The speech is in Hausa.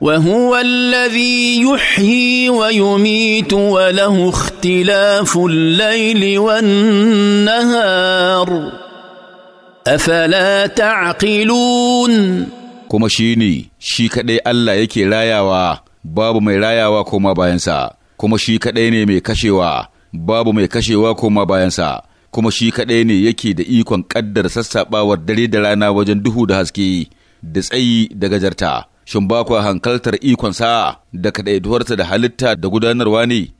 وهو الذي يحيي ويميت وله اختلاف الليل والنهار افلا تعقلون kuma shi ne shi kaɗai Allah yake rayawa babu mai rayawa koma bayansa kuma shi kaɗai ne mai kashewa babu mai kashewa koma bayansa kuma shi kaɗai ne yake da ikon ƙaddar sassaɓawar dare da rana wajen duhu da haske da tsayi da gajarta shin ba kwa hankaltar ikonsa da kaɗaiduwarsa da halitta da gudanarwa ne